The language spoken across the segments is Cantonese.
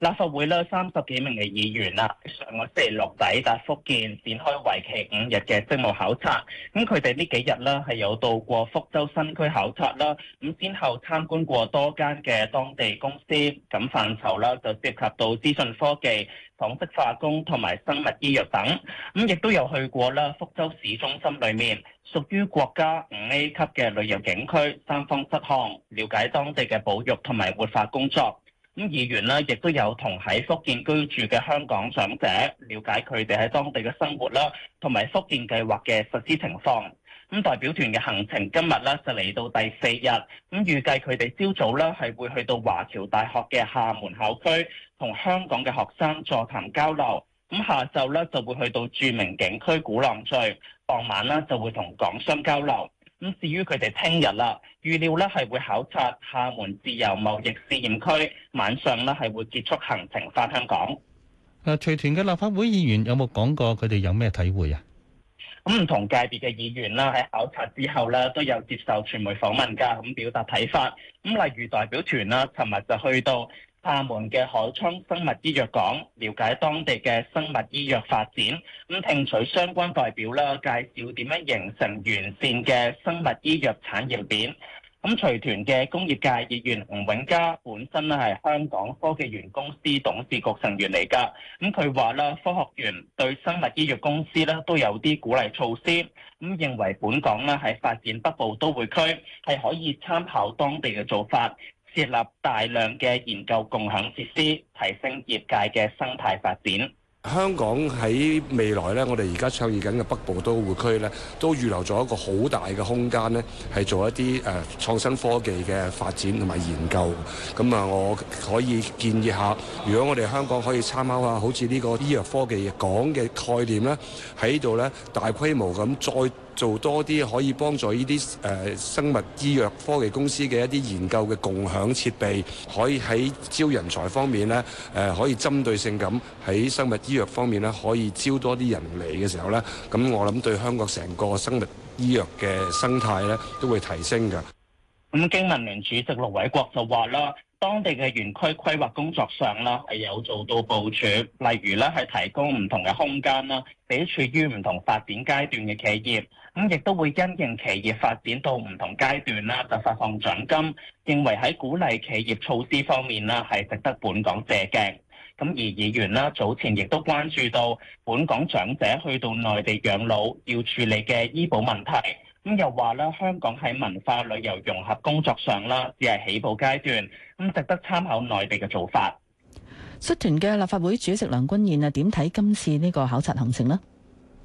立法會呢三十幾名嘅議員啦，上個星期六抵達福建展開為期五日嘅職務考察。咁佢哋呢幾日呢係有到過福州新區考察啦，咁先後參觀過多間嘅當地公司。咁範疇啦就涉及到資訊科技、紡織化工同埋生物醫藥等。咁亦都有去過啦福州市中心裏面屬於國家五 A 級嘅旅遊景區三坊七巷，了解當地嘅保育同埋活化工作。咁議員呢，亦都有同喺福建居住嘅香港長者了解佢哋喺當地嘅生活啦，同埋福建計劃嘅實施情況。咁代表團嘅行程今日呢，就嚟到第四日，咁預計佢哋朝早呢，係會去到華僑大學嘅廈門校區，同香港嘅學生座談交流。咁下晝呢，就會去到著名景區鼓浪嶼，傍晚呢，就會同港商交流。咁至於佢哋聽日啦，預料咧係會考察廈門自由貿易試驗區，晚上咧係會結束行程返香港。誒，隨團嘅立法會議員有冇講過佢哋有咩體會啊？咁唔同界別嘅議員啦，喺考察之後咧都有接受傳媒訪問㗎，咁表達睇法。咁例如代表團啦，尋日就去到廈門嘅海滄生物醫藥港，了解當地嘅生物醫藥發展，咁聽取相關代表啦介紹點樣形成完善嘅生物醫藥產業鏈。咁隨團嘅工業界議員吳永嘉本身咧係香港科技園公司董事局成員嚟㗎，咁佢話啦，科學園對生物醫藥公司咧都有啲鼓勵措施，咁認為本港咧喺發展北部都會區係可以參考當地嘅做法，設立大量嘅研究共享設施，提升業界嘅生態發展。香港喺未來咧，我哋而家倡議緊嘅北部都會區咧，都預留咗一個好大嘅空間咧，係做一啲誒創新科技嘅發展同埋研究。咁啊，我可以建議下，如果我哋香港可以參考下，好似呢個醫藥科技講嘅概念啦，喺度咧大規模咁再做多啲，可以幫助呢啲誒生物醫藥科技公司嘅一啲研究嘅共享設備，可以喺招人才方面咧，誒、呃、可以針對性咁喺生物醫。藥方面咧，可以招多啲人嚟嘅時候咧，咁我諗對香港成個生物醫藥嘅生態咧，都會提升噶。咁經民聯主席盧偉國就話啦，當地嘅園區規劃工作上啦，係有做到部署，例如咧係提供唔同嘅空間啦，俾處於唔同發展階段嘅企業。咁亦都會因應企業發展到唔同階段啦，就發放獎金。認為喺鼓勵企業措施方面啦，係值得本港借鏡。咁而議員啦，早前亦都關注到本港長者去到內地養老要處理嘅醫保問題，咁又話咧香港喺文化旅遊融合工作上啦，只係起步階段，咁值得參考內地嘅做法。率團嘅立法會主席梁君彥啊，點睇今次呢個考察行程呢？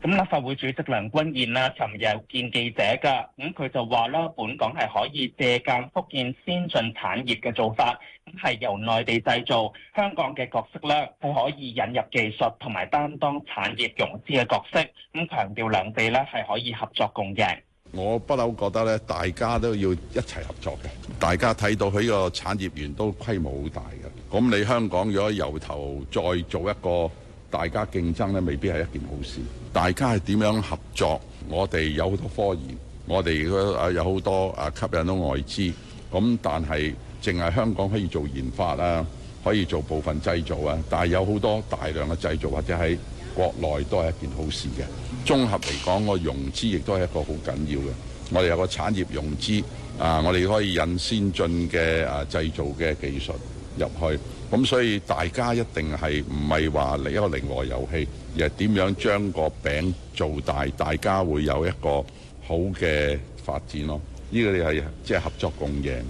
咁立法會主席梁君彥啦，尋日見記者㗎，咁佢就話啦，本港係可以借鑑福建先進產業嘅做法，係由內地製造，香港嘅角色咧係可以引入技術同埋擔當產業融資嘅角色，咁強調兩地咧係可以合作共贏。我不嬲覺得咧，大家都要一齊合作嘅，大家睇到佢個產業園都規模好大嘅，咁你香港如果由頭再做一個。大家競爭咧，未必係一件好事。大家係點樣合作？我哋有好多科研，我哋有好多吸引到外資。咁但係，淨係香港可以做研發啊，可以做部分製造啊。但係有好多大量嘅製造，或者喺國內都係一件好事嘅。綜合嚟講，個融資亦都係一個好緊要嘅。我哋有個產業融資啊，我哋可以引先進嘅啊製造嘅技術入去。咁所以大家一定係唔係話嚟，一個零和遊戲，而係點樣將個餅做大，大家會有一個好嘅發展咯。呢個，你係即係合作共贏，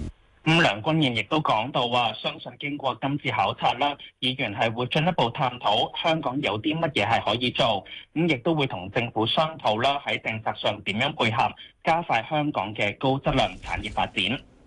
咁梁君彥亦都講到話，相信經過今次考察啦，議員係會進一步探討香港有啲乜嘢係可以做，咁亦都會同政府商討啦，喺政策上點樣配合，加快香港嘅高質量產業發展。